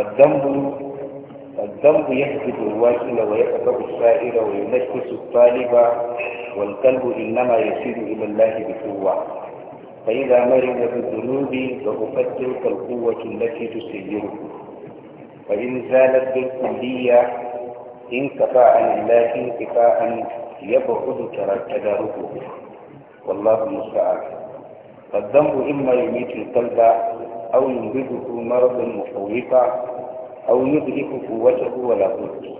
فالذنب الذنب يهدد الواكل ويكفر السائل وينكس الطالب والقلب إنما يسير إلى الله بقوة فإذا مرض بالذنوب فأفكر كالقوة التي تسيره فإن زالت بالكلية انقطع عن الله انقطاعا يبعد تداركه والله المستعان فالذنب إما يميت القلب أو ينبذه مرض مخوفا أو يدرك قوته ولا بد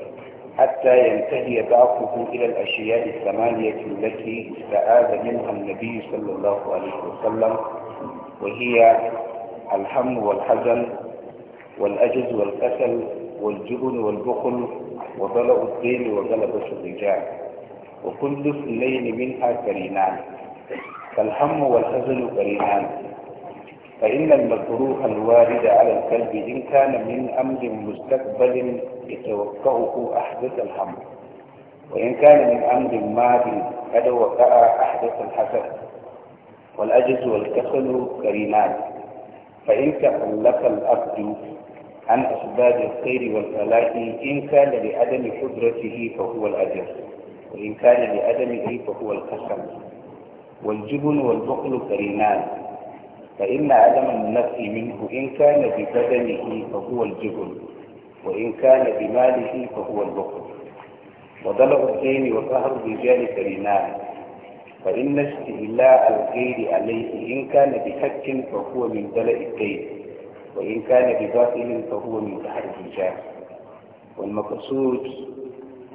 حتى ينتهي ضعفه إلى الأشياء الثمانية التي استعاذ منها النبي صلى الله عليه وسلم وهي الهم والحزن والأجز والكسل والجبن والبخل وضلع الدين وغلبة الرجال وكل اثنين منها كرينان فالهم والحزن قرينان فإن المكروه الوارد على الكلب إن كان من أمر مستقبل يتوقعه أحدث الحمل وإن كان من أمر ماضي قد وقع أحدث الحسد والأجز والكسل كريمان فإن تخلف الأبد عن أسباب الخير والفلاح إن كان لعدم قدرته فهو الأجر وإن كان لعدمه فهو الكسل والجبن والبخل كريمان فإن عدم النفي منه إن كان ببدنه فهو الجبن وإن كان بماله فهو البخل وبلغ الدين وقهر الرجال كريمان فإن استهلاء الغير عليه إن كان بحق فهو من دلع الدين وإن كان بباطل فهو من تحرك الرجال والمقصود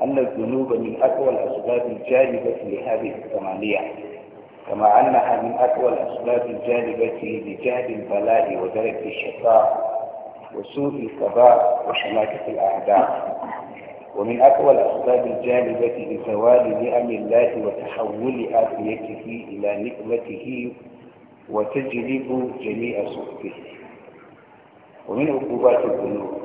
أن الذنوب من أقوى الأسباب الجانبة لهذه الثمانية كما أنها من أقوى الأسباب الجالبة لجهد البلاء ودرك الشقاء وسوء القضاء وشماتة الأعداء ومن أقوى الأسباب الجالبة لزوال نعم الله وتحول آفيته إلى نقمته وتجلب جميع سخطه ومن عقوبات الذنوب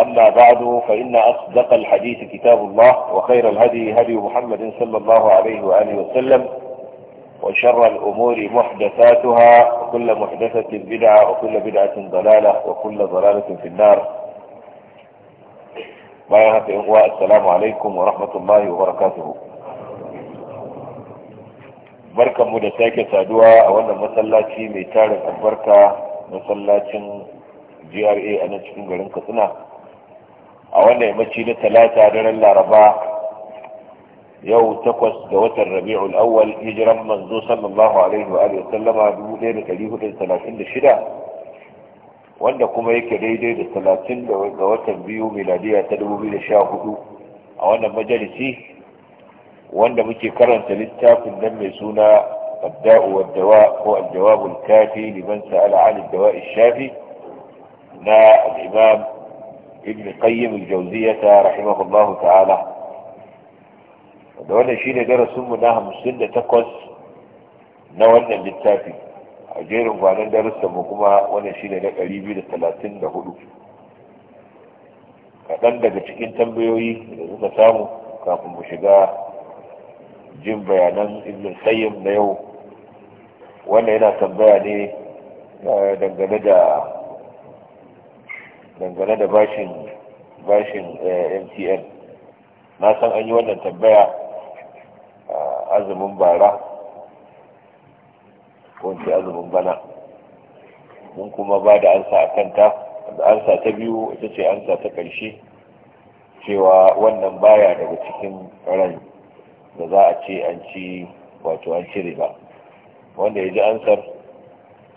أما بعد فإن أصدق الحديث كتاب الله وخير الهدي هدي محمد صلى الله عليه وآله وسلم وشر الأمور محدثاتها وكل محدثة بدعة وكل بدعة ضلالة وكل ضلالة في النار بارك إغواء السلام عليكم ورحمة الله وبركاته بركة مدساكة سادوة أولا مسلاة ميتار البركة مسلاة جي ار اي انا تشكين garin Katsina a wannan yammaci na talata daren laraba yau takwas da watan rabi'ul awwal hijiran manzo sallallahu alaihi wa alihi sallama dubu da da da talatin shida wanda kuma yake daidai da talatin ga watan biyu miladiya ta 2014 a wannan majalisi wanda muke karanta littafin nan mai suna الداء والدواء هو الجواب الكافي لمن سأل عن الدواء الشافي نا الإمام ibn qayyim al-jawziyya rahimahullahu ta'ala da wannan shine darasin mu na 58 na wannan littafi a jerin gwanon darussa mu kuma wannan shine na 234 kaɗan daga cikin tambayoyi da suka samu kafin mu shiga jin bayanan ibn qayyim na yau wannan yana tambaya ne eh, dangane da dangane da bashin bashin eh, mtn na san an yi wannan tambaya azumin bara wanke azumin bana mun kuma ba da ansa a kanta da ansa ta biyu ita ce ansa ta ƙarshe cewa wannan baya daga cikin ran da za a ce an ci wato an cire ba wanda ya ji ansar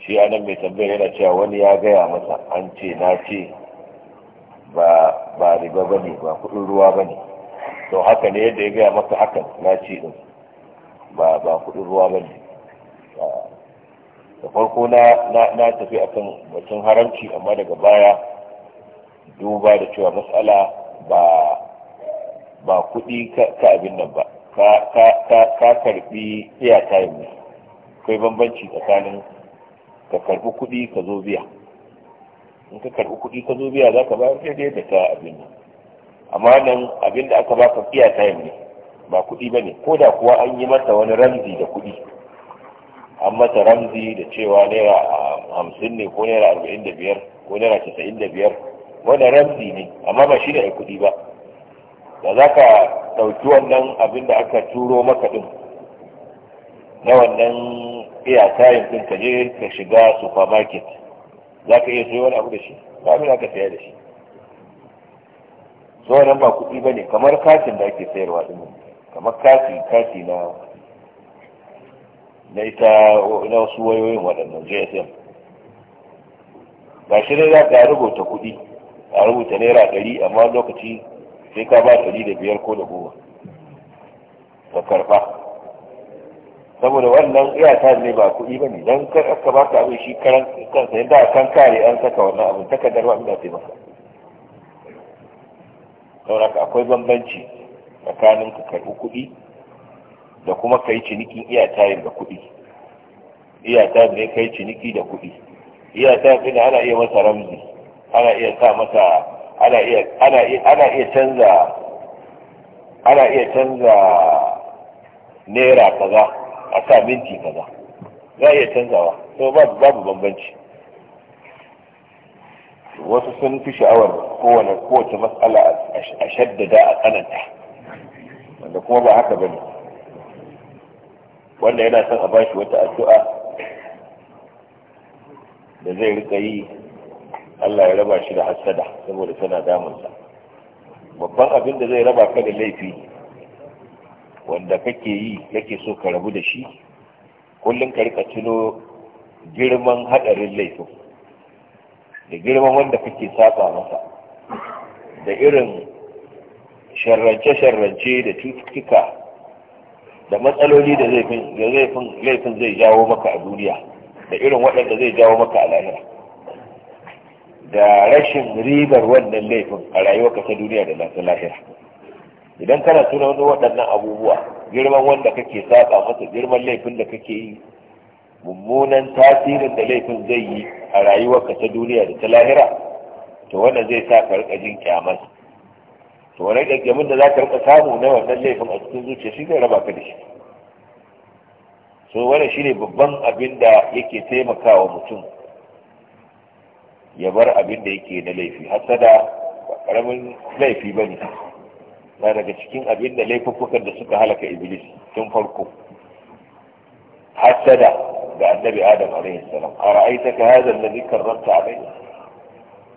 shi anan mai tambayar yana cewa wani ya gaya masa an ce na ce ba riba ba ba kudin ruwa ba ne to haka ne yadda ya gaya maka hakan na ce din ba kudin ruwa ba ne da farko na tafi akan batun haramci amma daga baya duba da cewa matsala ba ba kudi ka abin nan ba ka karbi iya tayin ne kai bambanci tsakanin ka karbi kudi ka zo biya in ka karɓi kuɗi ka zo biya za ka bayar sai dai da ka abin nan amma nan abin da aka baka fiya time ne ba kuɗi ba ne ko da kuwa an yi mata wani ramzi da kuɗi an mata ramzi da cewa naira hamsin ne ko naira arba'in da biyar ko naira casa'in da biyar wani ramzi ne amma ba shi da ya kuɗi ba da za ka ɗauki wannan abin da aka turo maka ɗin na wannan iya tayin ɗin ka je ka shiga supermarket za ka iya sayo wani abu da shi ba abin aka saya da shi zuwa nan ba kuɗi ba ne kamar katin da ake sayarwa ɗin kamar kati kati na na ita na wasu wayoyin waɗannan gsm ba shi ne za ka rubuta kuɗi a rubuta naira ɗari amma lokaci sai ka ba ɗari da biyar ko da goma ka karɓa saboda wannan iyata ne ba kuɗi ba ne don kar aka ba ka abin shi karan kansa yadda kan kare an saka wannan abin takardar ba inda sai maka saboda akwai bambanci tsakanin ka karɓi kuɗi da kuma ka yi cinikin yin da kuɗi iyatayin ne ka yi ciniki da kuɗi iyatayin da ana iya masa ramzi ana iya sa masa ana iya ana iya ana iya canza ana iya canza naira kaza a sa minti kaza za iya canzawa to babu bambanci wasu sun fi sha'awar kowane kowace matsala a shaddada a tsananta wanda kuma ba haka bane wanda yana son a bashi wata addu'a da zai rika yi Allah ya raba shi da hassada saboda tana damunsa babban abin da zai raba ka da laifi wanda kake yi kake so ka rabu da shi kullum ka rika tuno girman hadarin laifin da girman wanda kake saba masa da irin sharrance-sharrance da cututtuka da matsaloli da laifin zai jawo maka a duniya da irin waɗanda zai jawo maka a lahira da rashin ribar wannan laifin a rayuwarka ta duniya da lahira idan kana wani waɗannan abubuwa girman wanda kake saba masa girman laifin da kake yi mummunan tasirin da laifin zai yi a rayuwarka ta duniya da ta lahira to wannan zai sa ka rika jin kyamar to wani ɗaggamin da za ka rika samu na wannan laifin a cikin zuciya shi zai raba ka da shi so wannan shine babban abin da yake taimakawa mutum ya bar abin da yake na laifi hasada ba karamin laifi ba ne na daga cikin abin da laifuffukan da suka halaka iblis tun farko hasada ga annabi adam alaihi salam a ra'aita ka hadha alladhi karramta alaihi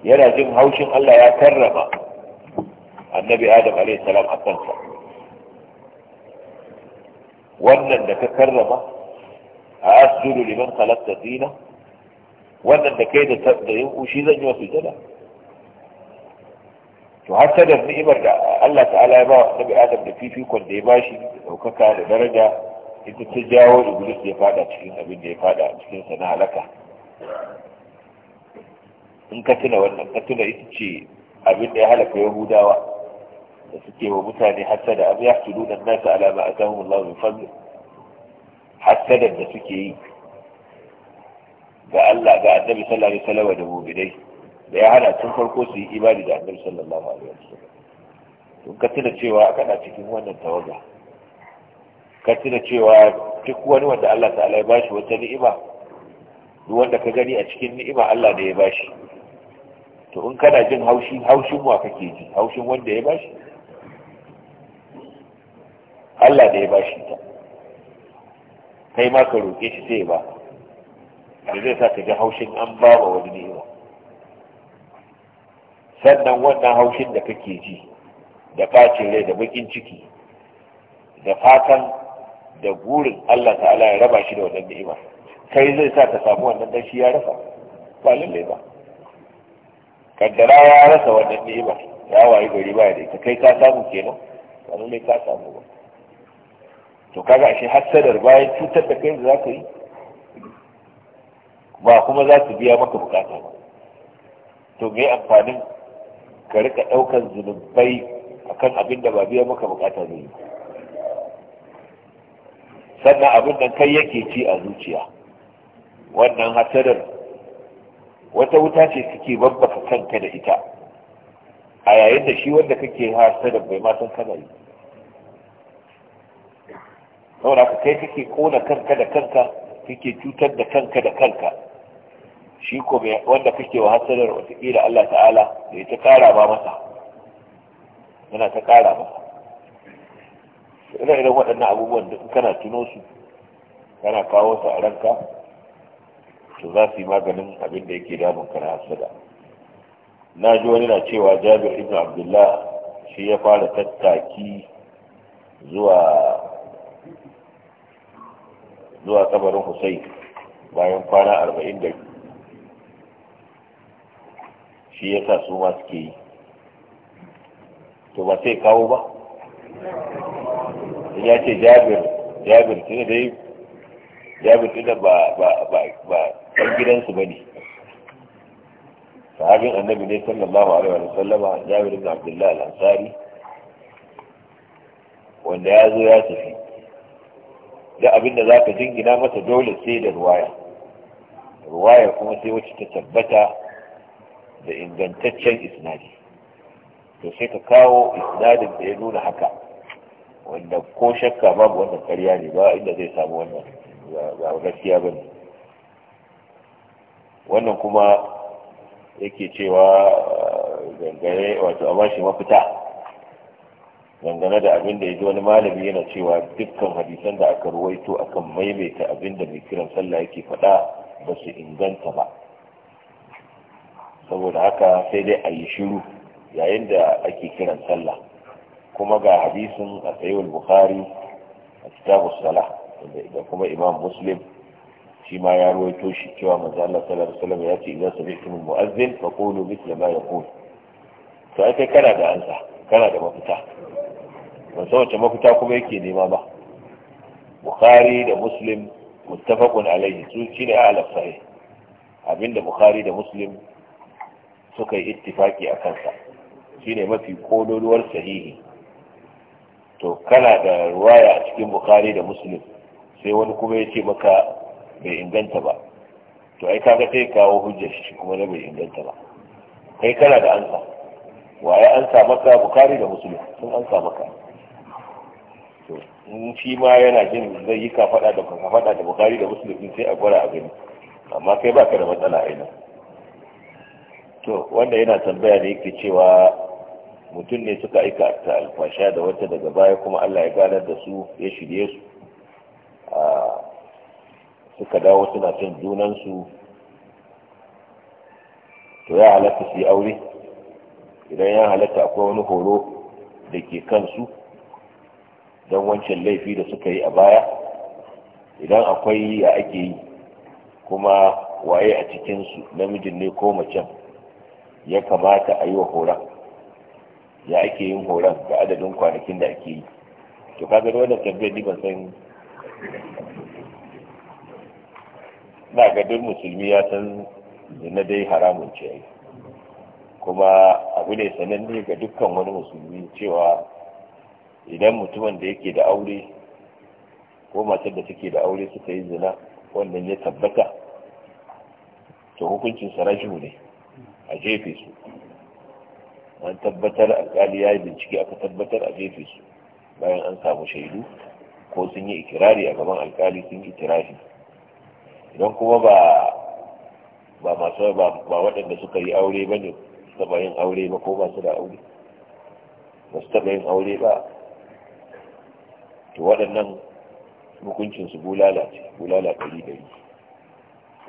yana jin haushin Allah ya karrama annabi adam alaihi salam a kansa wannan da ka karrama a asjudu liman khalaqta dina wannan da kai da yin ushi zan yi wa sujada to da ni'imar da Allah ta'ala ya ba wa annabi Adam da fifikon da ya ba da ɗaukaka da daraja ita ta jawo Iblis ya fada cikin abin da ya fada cikin sa na halaka in ka tuna wannan ka tuna ita ce abin da ya halaka Yahudawa da suke wa mutane abu ya yahsuduna an-nas alama a atahum Allah mai fadli hasadar da suke yi ga Allah ga annabi sallallahu alaihi wasallam da mu'minai da ya hada tun farko su yi imani da annabi sallallahu alaihi wasallam tun ka tuna cewa kana cikin wannan tawaga ka tuna cewa duk wani wanda Allah ta'ala ya bashi wata ni'ima duk wanda ka gani a cikin ni'ima Allah ne ya bashi to in kana jin haushi haushin wa kake ji haushin wanda ya bashi Allah ne ya bashi ta kai ma ka roƙe shi sai ba da zai sa ka ji haushin an ba wa wani ni'ima sannan wannan haushin da kake ji da bacin rai da bakin ciki da fatan da gurin Allah ta'ala ya raba shi da wannan ni'ima kai zai sa ka samu wannan dashi shi ya rasa ba lalle ba kaddara ya rasa wannan ni'ima ya wayi gari ba da ita kai ka samu kenan ba lalle ka samu ba to kaga shi hasadar bayan cutar da kai za ka yi ba kuma za su biya maka bukata ba to me amfanin ka rika ɗaukar zunubai akan abin da ba biya maka bukata zai yi sannan abin da kai yake ci a zuciya wannan hasadar wata wuta ce suke babbaka kanka da ita a yayin da shi wanda kake hasadar bai ma san kana yi saboda ka kai kake kona kanka da kanka kake cutar da kanka da kanka shi ko wanda kake wa wata watakila Allah ta'ala ya ta kara ba masa yana ta kara masa ina idan waɗannan abubuwan da kana tuno su kana kawo su a ranka su za su yi maganin abin da yake damun ka na hasada na ji wani na cewa jabir ibn abdullah shi ya fara tattaki zuwa zuwa kabarin bayan kwana arba'in da shi yasa su ma suke yi to ba sai kawo ba ya ce jabir jabir tun da yi jabir tun da ba ba ba ba ɗan gidansu ba ne sahabin annabi ne sallallahu alaihi wa sallama jabir ibn abdullahi al-ansari wanda ya zo ya tafi da abin da ka jingina masa dole sai da ruwaya ruwaya kuma sai wacce ta tabbata da ingantaccen isnadi to sai ka kawo isnadin da ya nuna haka wanda ko shakka babu wannan karya ne ba inda zai samu wannan ba gaskiya ba ne wannan kuma yake cewa eh, gangare wato a bashi mafita dangane da abin da ya ji wani malami yana cewa dukkan hadisan da aka ruwaito akan maimaita abin da mai kiran sallah yake faɗa ba su inganta ba saboda haka sai dai a yi shiru yayin da ake kiran sallah kuma ga hadisin a sayyid bukhari a kitabu sallah da kuma imam muslim shi ma ya ruwaito shi cewa mazalar Allah sallallahu ya ce idan sami'tum mu'azzin faqulu da bayan yaqul to ai kai kana da ansa kana da mafita ban san wace mafita kuma yake nema ba bukhari da muslim mutafakun alaihi su shine a'la sahih abinda bukhari da muslim suka yi ittifaki a kansa Shi ne mafi kololuwar sahihi to kana da ruwaya a cikin bukari da muslim sai wani kuma ya ce maka bai inganta ba to ai kaga sai kawo hujjar shi kuma na bai inganta ba kai kana da ansa waye ansa maka bukari da muslim sun ansa maka to in shi ma yana jin zai yi ka faɗa da ka faɗa da bukari da muslim sai a gwara a gani amma kai baka da matsala a nan. to wanda yana tambaya da yake cewa mutum ne suka aika ta alfasha da wata daga baya kuma Allah ya ganar da su ya shirye su suka dawo suna son su to ya halatta su yi aure idan ya halatta akwai wani horo da ke kansu don wancan laifi da suka yi a baya idan akwai a ake yi kuma waye a cikinsu namijin ne ko macen ya kamata a yi wa horon ya ake yin horon ga adadin kwanakin da ake yi to kaga wannan tambayar ni ban san na ga musulmi ya san zina dai haramun ce kuma abu ne sananne ga dukkan wani musulmi cewa idan mutumin da yake da aure ko matar da take da aure suka yi zina wannan ya tabbata to hukuncin sarashu ne a jefe su an tabbatar alkali ya yi bincike aka tabbatar a jefe su bayan an samu shaidu ko sun yi ikirari a gaban alkali sun yi tirafi idan kuma ba ba masu ba waɗanda suka yi aure ba ne su taɓa yin aure ba ko ba su da aure ba su taɓa yin aure ba to waɗannan hukuncinsu bulala ce bulala ɗari ɗari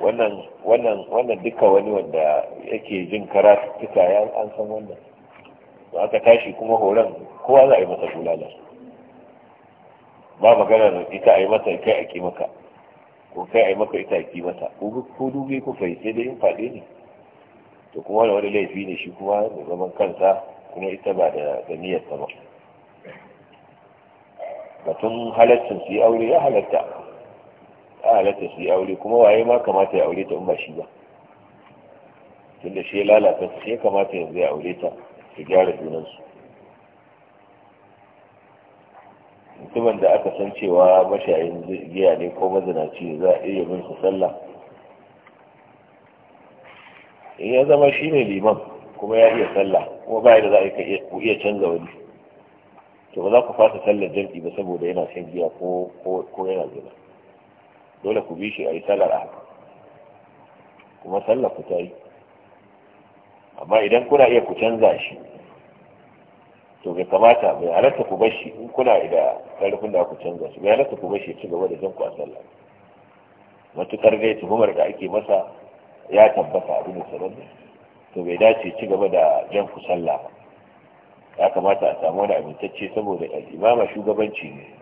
wannan wannan wannan duka wani wanda yake jin karatuka ya an san wannan ba aka tashi kuma horon kowa za a yi masa bulala ba maganar ita a yi masa kai a kimaka ko kai a yi maka ita a kimata ko dubi ku fai sai dai in faɗe ne to kuma wani laifi ne shi kuma da zaman kansa kuma ita ba da niyyar ba batun halaccin su yi aure ya halatta a halatta su yi aure kuma waye ma kamata ya aure ta in ba shi ba tunda shi ya lalata su ya kamata yanzu ya aure ta su gyara junansu mutumin da aka san cewa mashayin giya ne ko mazinaci za a iya bin su sallah in ya zama shi ne liman kuma ya iya sallah kuma ba da za a iya canza wani to ba za ku fasa sallar jam'i ba saboda yana shan giya ko yana zina dole ku bi shi a yi sallar haka kuma sallar ku ta yi amma idan kuna iya ku canza shi to bai kamata bai halatta ku bashi in kuna da karfin da ku canza shi bai halatta ku bashi ci gaba da jan ku a sallah matukar dai tuhumar da ake masa ya tabbata abin da sanar to bai dace ci gaba da jan ku sallah ya kamata a samu wani amintacce saboda al'imama shugabanci ne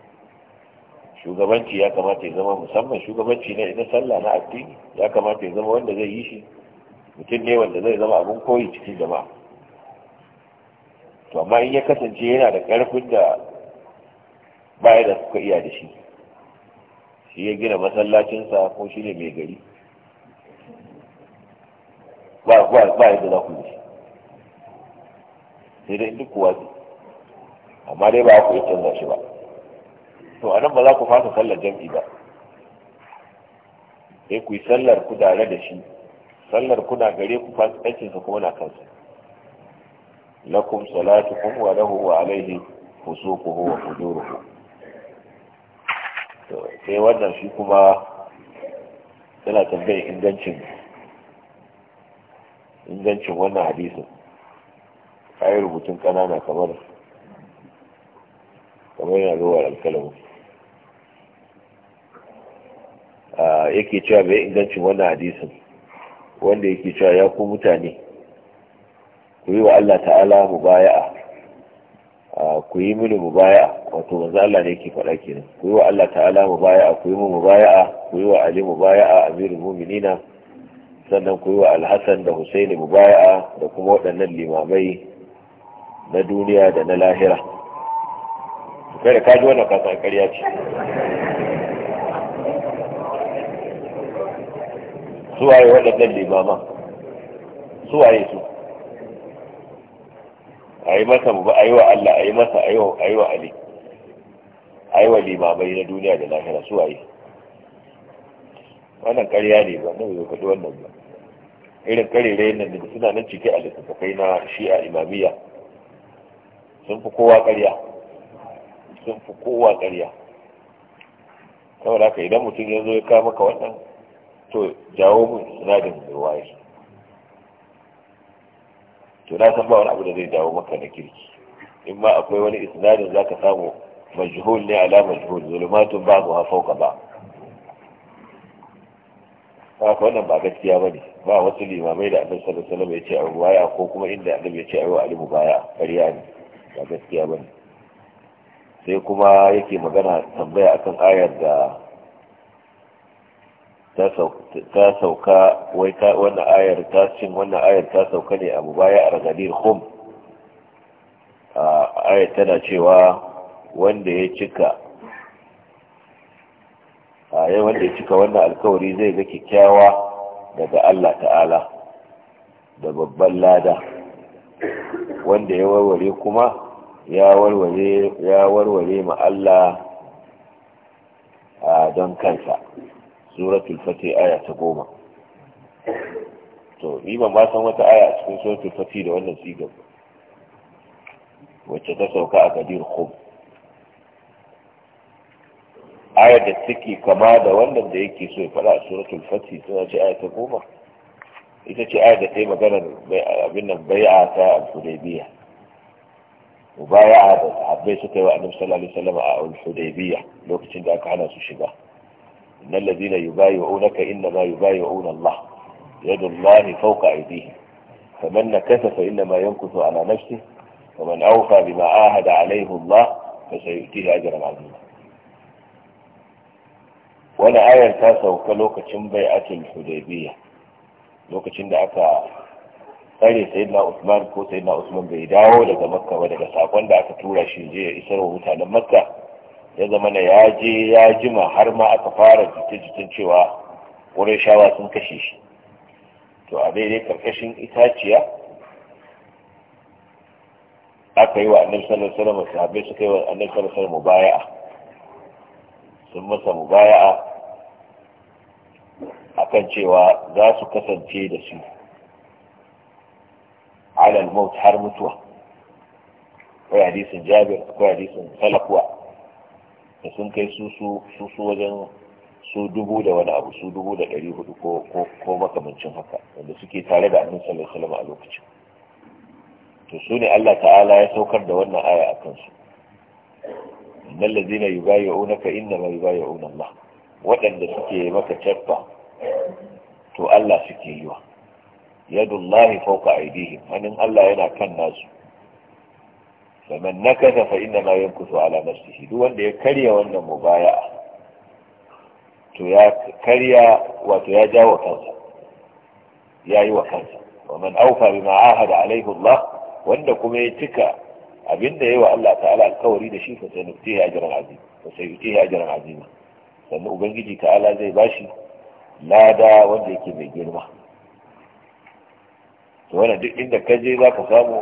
shugabanci ya kamata ya zama musamman shugabanci na idan sallah na addini ya kamata ya zama wanda zai yi shi mutum ne wanda zai zama abin koyi cikin jama'a to amma in ya kasance yana da karfin da baya da suka iya da shi shi ya gina masallacinsa ko shi ne mai gari ba ba da za ku sai dai duk kuwa amma dai ba ku yi canza shi ba to a nan ba za ku fasa sallar jam'i ba sai ku yi sallar ku dare da shi sallar kuna gare ku sa kuma na kansa lakum salatukum wa lahu wa alaihi fusuku wa fujuruhu to sai wannan shi kuma yana tambayar ingancin ingancin wannan hadisin ayi rubutun kanana kamar kamar yana zuwa alkalamu yake cewa mai ingancin wannan hadisin wanda yake cewa ya ku mutane ku yi wa Allah ta'ala mubaya'a ku yi mini mubaya'a wato wanzu Allah ne yake faɗa kenan ku yi wa Allah ta'ala mubaya'a ku yi mu mubaya'a ku yi wa Ali mubaya'a amirul mu'minina sannan ku yi wa alhassan da husaini mubaya'a da kuma waɗannan limamai na duniya da na lahira kada ka ji wannan kasan ƙarya ce suwaye waɗannan limaman suwaye su a yi masa mu ba a yi wa Allah a yi masa a yi wa Ali a yi wa limamai na duniya da lahira suwaye wannan ƙarya ne ba nan bai faɗi wannan ba irin ƙarerayen nan da suna nan cike a littattafai na shi'a imamiyya sun fi kowa ƙarya sun fi kowa ƙarya saboda haka idan mutum ya zo ya kama ka wannan to jawo mun sinadin waye? to na san ba wani abu da zai jawo maka na kirki in ma akwai wani isnadin zaka samu majhul ne ala majhul zulumatun babu ha fauka ba haka wannan ba gaskiya ba ne ba wasu limamai da annabi sallallahu alaihi wasallam ya ce a ruwaya ko kuma inda annabi ya ce a ruwa alimu baya ƙarya ne ba gaskiya ba ne sai kuma yake magana tambaya akan ayar da ta sauka wai ta wannan ayar ta cin wannan ayar ta sauka ne a mubaya'ar gadir khum ayar tana cewa wanda ya cika a yau wanda ya cika wannan alkawari zai ga kyakkyawa daga Allah ta'ala da babban lada wanda ya warware kuma ya warware ma Allah don kansa suratul fatih aya ta goma to ni ban ba san wata aya a cikin suratul fatih da wannan sigar wacce ta sauka a gadir khum ayar da take kama da wannan da yake so ya faɗa a suratul fatih tana ce aya ta goma ita ce ayar da ta yi maganar abin nan bai'a ta al-hudaybiya mubaya'a da sahabbai suka yi wa annabi sallallahu alaihi wasallam a al-hudaybiya lokacin da aka hana su shiga إن الذين يبايعونك إنما يبايعون الله يد الله فوق أيديهم فمن نكث فإنما ينكث على نفسه ومن أوفى بما عاهد عليه الله فسيؤتيه أجرا عظيما وأنا آية تاسع وكلوكة بيعة الحديبية لوكة شنبة أكا قالي سيدنا عثمان كو سيدنا عثمان بيداو لدى مكة ولدى ساقوان دا أكا شنجية إسره وثانا مكة ya zama na ya je ya jima har ma aka fara jikin cewa wurin shawa sun kashe shi to a daidai karkashin itaciya aka yi wa annabi sallallahu alaihi wasallam sahabbai suka yi wa annabi sallallahu alaihi wasallam mubaya'a sun masa mubaya'a akan cewa za su kasance da su alal maut har mutuwa akwai hadisin jabir akwai hadisin salakwa sun kai su su wajen su dubu da wani abu su dubu da ɗari hudu ko makamancin haka wanda suke tare da annin salama a lokacin to su ne Allah ta'ala ya saukar da wannan aya a kansu inda ma yi innama yubayyi'una Allah waɗanda suke maka cefa to Allah suke yiwa yadullahi fauka aidihim hannun Allah yana kan nasu faman nakasa fa inna ma yankusu ala nafsihi duk wanda ya karya wannan mubaya'a to ya karya wato ya jawo kansa ya yi kansa waman aufa bima ahada alaihi Allah wanda kuma ya cika abinda yayi wa Allah ta'ala alkawari da shi fa sanutihi ajran azim fa sayutihi ajran ubangiji zai bashi lada wanda yake mai girma to wannan duk inda ka je zaka samu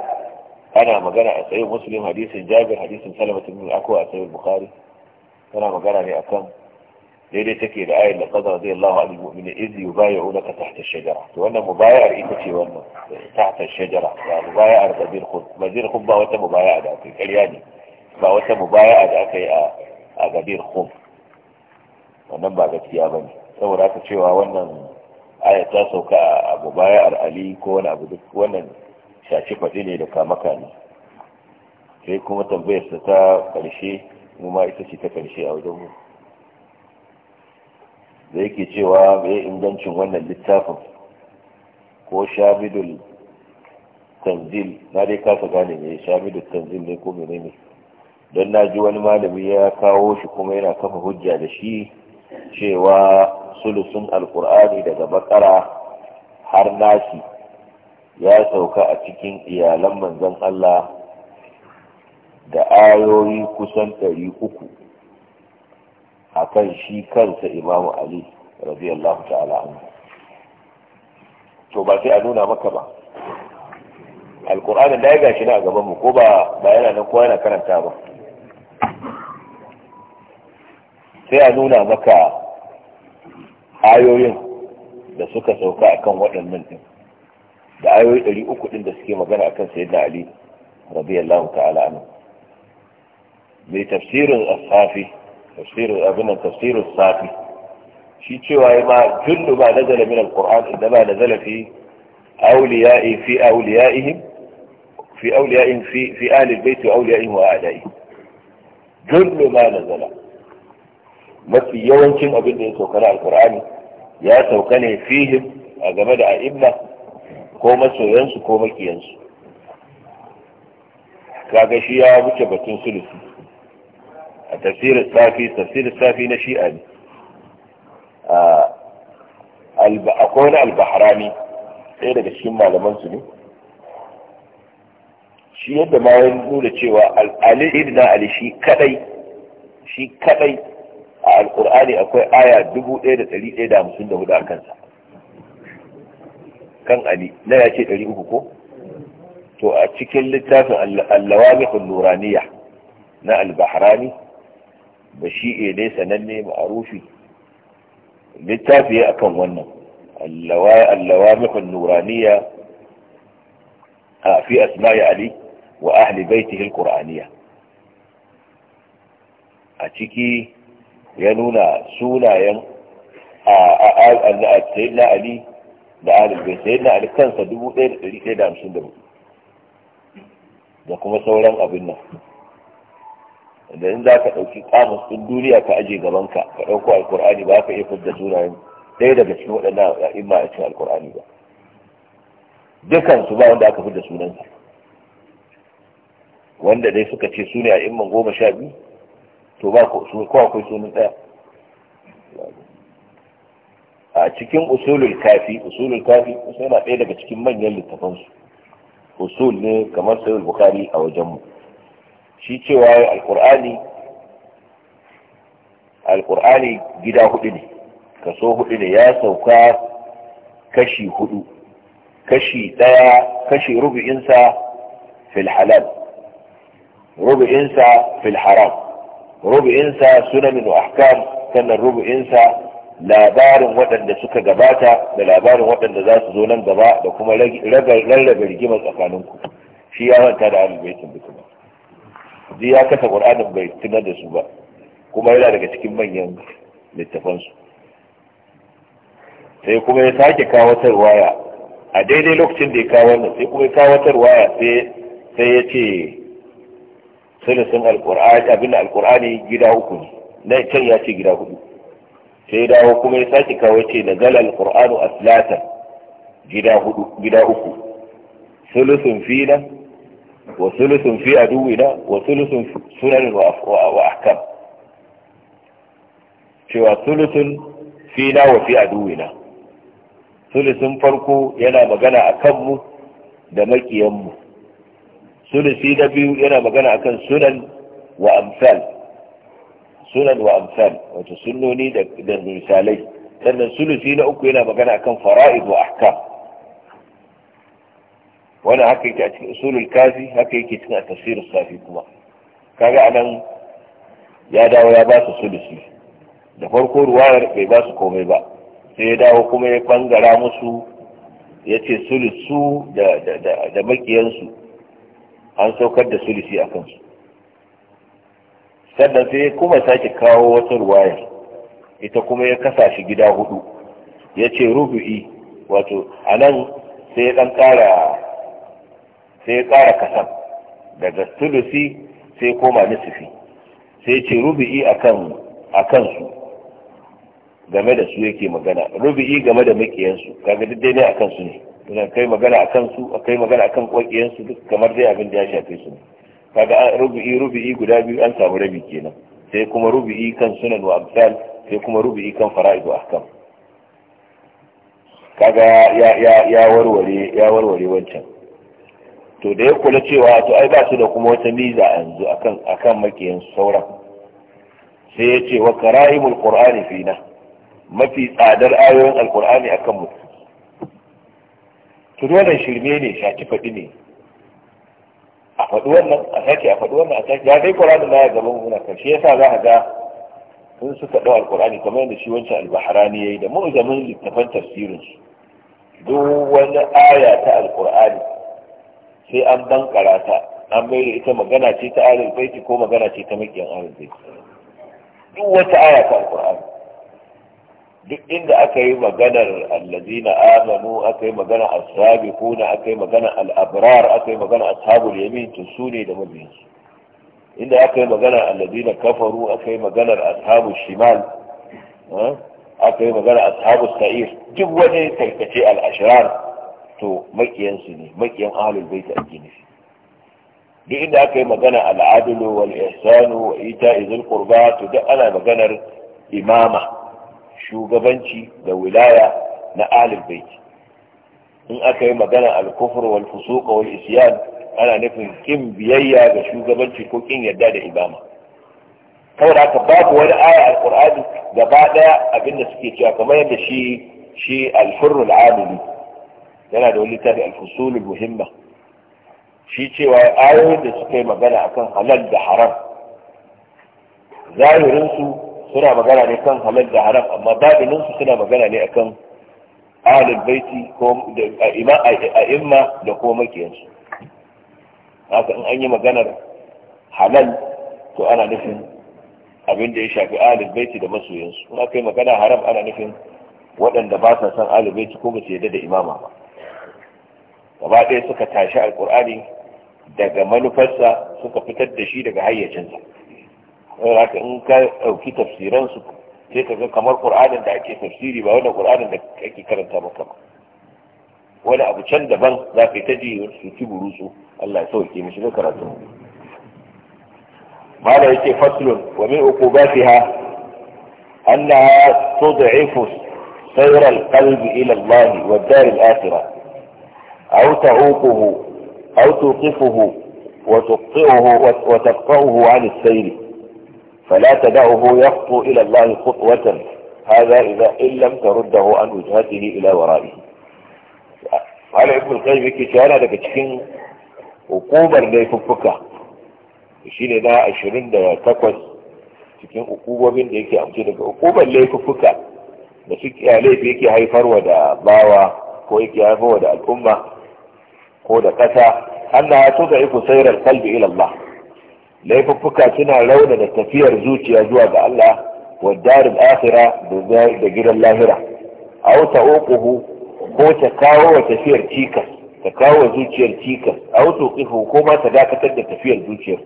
ana magana a tsayin muslim hadisin jabir hadisin tun yi akwai a tsayin bukhari tana magana ne akan daidai take da ayin da kaza zai Allah ya mu'mini una ka tahta shajara to wannan mubayar ita ce wannan tahta shajara ya mubayar bil khud badir khud ba wata mubaya'a da akai kariya ne ba wata mubaya'a da akai a a badir khud wannan ba gaskiya bane saboda haka cewa wannan aya ta sauka a mubayar ali ko wani abu duk wannan shaci faɗi ne da kamaka ne sai kuma tambayarsa ta ƙarshe mu ma ita ce ta karshe a wajen mu da yake cewa mai ingancin wannan littafin ko shamidul tanzil na dai kasa gane ne shamidul tanzil ne ko mene ne don na ji wani malami ya kawo shi kuma yana kafa hujja da shi cewa sulusun alkur'ani daga bakara har nasi ya sauka a cikin iyalan manzon Allah da ayoyi kusan ɗari uku a kan shi kansa imamu Ali radiyallahu ta'ala anhu to ba sai a nuna maka ba alƙur'anin da ya gashi na a gabanmu ko ba ba yana nan ko yana karanta ba sai a nuna maka ayoyin da suka sauka akan waɗannan ɗin da ayoyi ɗari uku ɗin da suke magana a kan sayyidina ali radiyallahu ta'ala anhu mai tafsirin asafi tafsirin abin tafsirin safi shi cewa ya ma jullu ba ma nazala min alquran inda ma nazala fi awliya'i fi awliya'ihim fi awliya'i fi fi ahli albayt wa awliya'ihim wa a'da'i jullu ma nazala mafi yawancin abin da ya sauka na alqur'ani ya sauka ne fihim a game da a'imma ko masoyansu ko makiyansu kaga shi ya wuce batun sulusi a tafsirin safi tafsirin safi na shi'a ne akwai wani albaharami ɗaya daga cikin malaman su ne shi yadda ma ya nuna cewa al'adun na ali shi kadai shi kadai a alkur'ani akwai aya 1154 a kansa kan ali na ya ce 300 ko to a cikin littafin allawamihun nuraniya na albahrani ba shi ne sananne ma'arufi littafi a kan wannan allawamihun nuraniya a fi asma'i ali wa ahli baitihi alqur'aniya a ciki ya nuna sunayen a sayyidina ali da alibai bai sai na ali dubu ɗaya da ɗari ɗaya da hamsin da hudu da kuma sauran abin nan da in za ka ɗauki kamus ɗin duniya ka aje gabanka ka ɗauko alkur'ani ba ka iya fidda sunayen ɗaya daga cikin waɗannan al'imma a cikin alkur'ani ba dukansu ba wanda aka fidda sunansa wanda dai suka ce su ne a imman goma sha biyu to ba ko akwai sunan ɗaya a cikin usulul kafi usulul kafi kusa yana ɗaya daga cikin manyan su. usul ne kamar sayul bukhari a mu. shi cewa Alƙur'ani alkur'ani gida hudu ne kaso hudu ne ya sauka kashi hudu kashi ɗaya kashi rubu'insa fil halal rubu'insa fil haram rubu'insa sunanin wa ahkam sannan rubu'insa labarin waɗanda suka gabata da labarin waɗanda za su zo nan gaba da kuma rarrabe rigimar tsakaninku shi ya manta da ahlul baitin bikuma duk ya kasa qur'anin bai tunar da su ba kuma yana daga cikin manyan littafansu sai kuma ya sake kawatar waya a daidai lokacin da ya kawo wannan sai kuma ya kawatar waya sai ya ce sulusun alƙur'ani abin da gida uku ne na can ya ce gida hudu sai dawo kuma ya sake kawo ce da galal qur'anu aslata gida hudu gida uku sulusun fina wa sulusun fi aduwina wa sulusun sunan wa ahkam cewa sulusun fina wa fi aduwina sulusun farko yana magana a kanmu da makiyanmu sulusi na biyu yana magana akan sunan wa amsal sunan wa amsal wato sunnoni da misalai sannan sulusi na uku yana magana akan fara'id wa ahkam wani haka yake a cikin usulul kazi haka yake cikin tafsir safi kuma kaga anan ya dawo ya ba su sulusi da farko ruwayar bai ba su komai ba sai ya dawo kuma ya bangara musu ya ce sulusu da makiyansu an saukar da sulusi a kansu sannan sai kuma sake kawo wata ruwaya ita kuma ya kasa shi gida hudu ya ce rubu'i wato a nan sai ya ɗan ƙara sai ya kara kasan daga sulusi sai koma nisifi sai ce rubu'i a kansu game da su yake magana rubu'i game da makiyansu kaga duk dai ne a kansu ne idan kai magana a kansu kai magana a kan kwakiyansu duk kamar dai abin da ya shafe su ne kaga rubu'i rubu'i guda biyu an samu rabi kenan sai kuma rubu'i kan sunan wa amsal sai kuma rubu'i kan fara'id wa ahkam kaga ya ya ya warware ya warware wancan to da ya kula cewa to ai ba su da kuma wata miza yanzu akan akan makiyan sauran sai ya ce wa kara'imul qur'ani fina mafi tsadar ayoyin alqur'ani akan mutum to dole shirme ne shaci fadi ne a faɗi wannan a sake a faɗi wannan a sake ya dai ƙur'ani na ya gaban muna kan shi yasa za a ga sun suka ɗau alƙur'ani kamar yadda shi wancan albaharani ya yi da mun littafan tafsirin su duk wani aya ta alƙur'ani sai an ban ta an mai da ita magana ce ta alul baiti ko magana ce ta makiyan alul baiti duk wata aya ta alƙur'ani duk inda aka yi maganar allazina amanu aka yi magana as-sabiquna aka yi magana al-abrar aka yi maganar ashabul yamin to su ne da mabiyansu inda aka yi magana allazina kafaru aka yi maganar ashabul shimal aka yi maganar ashabul sa'ir duk wani tarkace al-ashrar to makiyansu ne makiyan ahlul bait ake nufi duk inda aka yi magana al'adulu wal ihsanu wa ita izul qurba to duk ana maganar imama shugabanci da wilaya na Alif bait in aka yi magana alkufur wal fusuq wal isyan ana nufin kin biyayya ga shugabanci ko kin yadda da imama saboda haka babu wani aya alqur'ani gaba daya abinda suke cewa kamar yadda shi shi al-hurr yana da wani tafi al muhimma shi cewa ayoyin da suka yi magana akan halal da haram zahirin su suna magana ne kan halal da haram amma babinin su suna magana ne akan ahlul baiti ko a imma da kuma makiyansu haka in an yi maganar halal to ana nufin abin da ya shafi ahlul baiti da masoyansu in aka yi magana haram ana nufin waɗanda ba sa san ahlul baiti ko ba su yarda da imama ba gaba ɗaya suka tashi alkur'ani daga manufarsa suka fitar da shi daga hayyacinsa ولكن ان كان او كي تفسيران سكو كي كذا كمال قرآن كي تفسيري با ولا قرآن دا كي كرنتا مطلق ولا ابو چند بان دا كي تجي يرسو كي بروسو الله سوى كي مشي لكرا تنو مالا يتي فصل ومن عقوباتها انها تضعف سير القلب الى الله والدار الآخرة او تعوقه او توقفه وتقطعه وتقطعه عن السير فلا تدعه يخطو إلى الله خطوة هذا إذا إن لم ترده عن وجهته إلى ورائه قال ابن القيم كتانا لك تكين أقوبا ليفبكا يشين إلى عشرين دا تاكوس تكين أقوبا من ديك أمتنك أقوبا ليفبكا نسيك إعلي فيك هاي فروة دا باوة كويك هاي فروة دا الأمة كودا قتا أنها تضعف سير القلب إلى الله laifuffuka suna rauna da tafiyar zuciya zuwa ga Allah wa darul akhira da gidan lahira aw ta'uquhu ko ta kawo wa tafiyar cikas ta kawo wa zuciyar cikas aw tuqifu ko ma ta dakatar da tafiyar zuciyar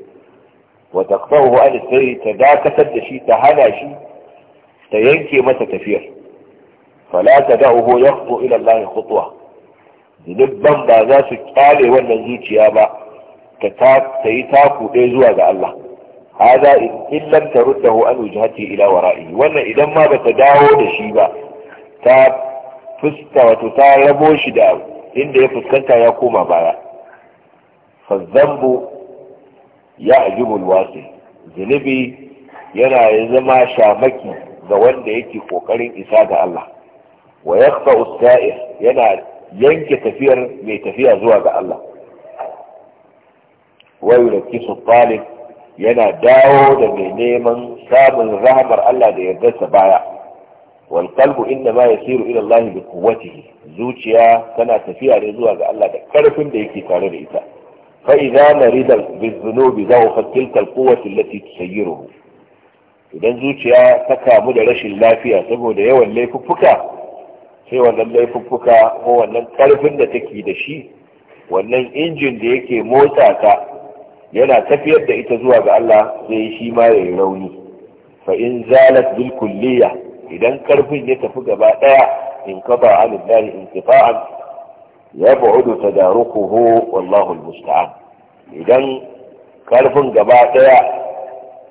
wa taqtahu an sayri ta dakatar da shi ta hana shi ta yanke masa tafiyar fala tada'uhu yaqtu ila Allah khutwa zunubban ba za su kyale wannan zuciya ba ta yi taku ɗaya zuwa ga Allah hada in lam taruddahu an wujhati ila wara'i wannan idan ma bata dawo da shi ba ta fuska wato ta rabo shi da inda ya fuskanta ya koma baya fa dhanbu ya'jubu alwasi zunubi yana ya zama shamaki ga wanda yake kokarin isa ga Allah wa yaqta yana yanke tafiyar mai tafiya zuwa ga Allah ويركس الطالب yana dawo da mai neman samun rahamar Allah da yardarsa baya wal qalbu inna ma yasiru ila Allah bi quwwatihi zuciya tana tafiya ne zuwa ga Allah da karfin da yake tare da ita fa idza marida bi dhunubi dawfa tilka al quwwati allati tusayyiruhu idan zuciya ta kamu da rashin lafiya saboda yawan laifuffuka sai wannan laifuffuka ko wannan karfin da take da shi wannan injin da yake motsa ta yana tafiyar da ita zuwa ga Allah sai shi ma ya yi rauni fa in zalat bil kulliya idan karfin ya tafi gaba daya in kaba alillahi intifa'an ya bu'udu tadarukuhu wallahu almusta'an idan karfin gaba daya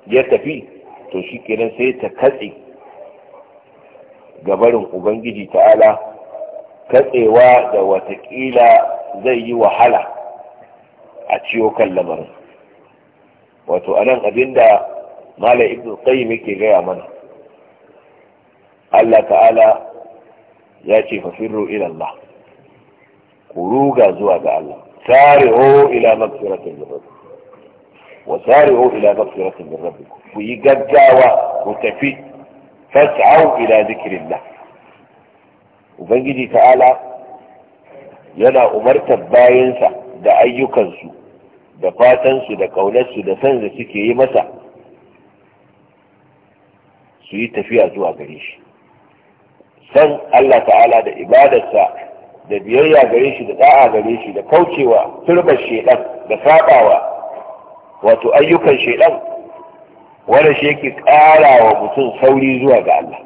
ya tafi to shikenan sai ta katse gabarin ubangiji ta'ala katsewa da watakila zai yi wahala a ciwo kan lamarin wato anan abinda malam ibn qayyim yake gaya mana Allah ta'ala ya ce fafirru ila Allah ku ruga zuwa ga Allah sari'u ila magfiratin min rabbikum wa sari'u ila magfiratin min rabbikum ku yi gaggawa ku tafi fas'au ila zikrillah ubangiji ta'ala yana umartar bayinsa da ayyukansu da fatansu da su, da san da suke yi masa su yi tafiya zuwa gare shi san Allah ta'ala da ibadarsa da biyayya gare shi da da'a gare shi da kaucewa turbar shedan da sabawa wato ayyukan shedan wanda shi yake ƙara wa mutum sauri zuwa ga Allah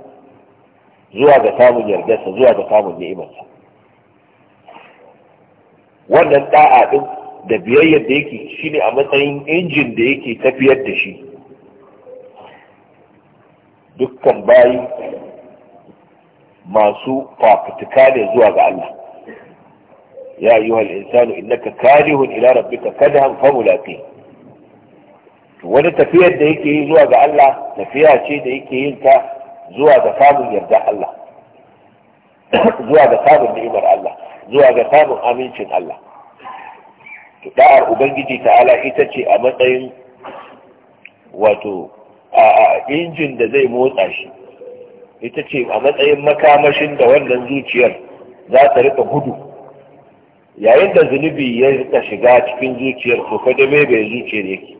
zuwa ga samun yardarsa zuwa ga samun ni'imarsa wannan da'a din da biyayyar da yake ne a matsayin injin da yake tafiyar da shi dukkan bayi masu fafutuka ne zuwa ga Allah ya yi wa insanu innaka karihun ila rabbika kadhan famulaqi wani tafiyar da yake yi zuwa ga Allah tafiya ce da yake yin ta zuwa ga samun yarda Allah zuwa ga samun ni'imar Allah zuwa ga samun amincin Allah to da'ar ubangiji ta'ala ita ce a matsayin wato a injin da zai motsa shi ita ce a matsayin makamashin da wannan zuciyar za ta rika gudu yayin da zunubi ya rika shiga cikin zuciyar to fa mai bai zuciyar yake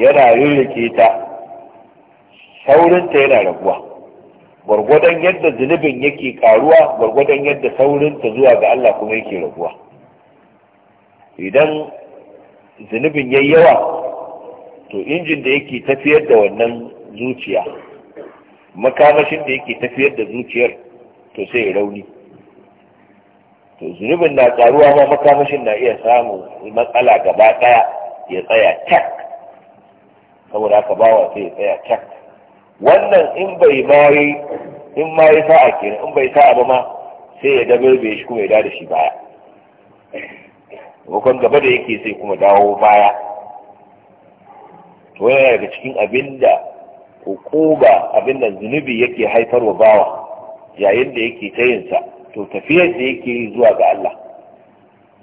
yana rurrike ta saurinta yana raguwa gwargwadon yadda zunubin yake karuwa gwargwadon yadda saurinta zuwa ga Allah kuma yake raguwa idan zunubin ya yawa to injin da yake tafiyar da wannan zuciya makamashin da yake tafiyar da zuciyar to sai rauni to zunubin na karuwa ma makamashin na iya samun matsala gaba daya ya tsaya tak saboda haka bawa sai ya tsaya tak wannan in bai mai in mai sa'a kenan in bai sa'a ba ma sai ya dabe bai shi kuma ya da shi baya wakon gaba da yake sai kuma dawo baya to yana daga cikin abinda hukuba abinda zunubi yake haifarwa bawa yayin da yake ta yinsa to tafiyar da yake yi zuwa ga Allah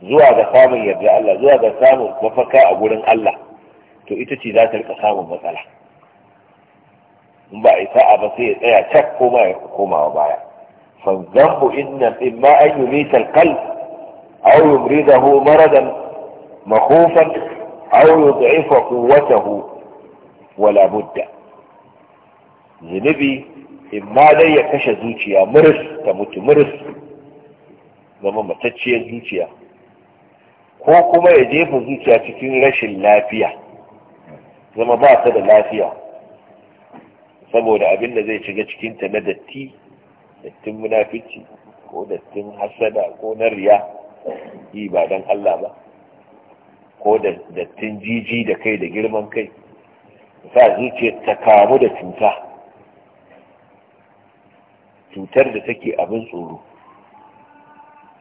zuwa ga samun yarda Allah zuwa ga samun mafaka a gurin Allah to ita ce za ta rika samun matsala in ba a ba sai ya tsaya cak koma ya komawa baya fa zambu inna imma an أو يمرضه مرضا مخوفا أو يضعف قوته ولا بد zunubi in ya kashe zuciya muris ta mutu muris zama matacciyar zuciya ko kuma ya jefa zuciya cikin rashin lafiya zama ba ta da lafiya saboda abin da zai shiga cikinta na datti dattin munafici ko dattin hasada ko na riya yi ba don Allah ba ko da dattin jiji da kai da girman kai sa zuciya ta kamu da cuta cutar da take abin tsoro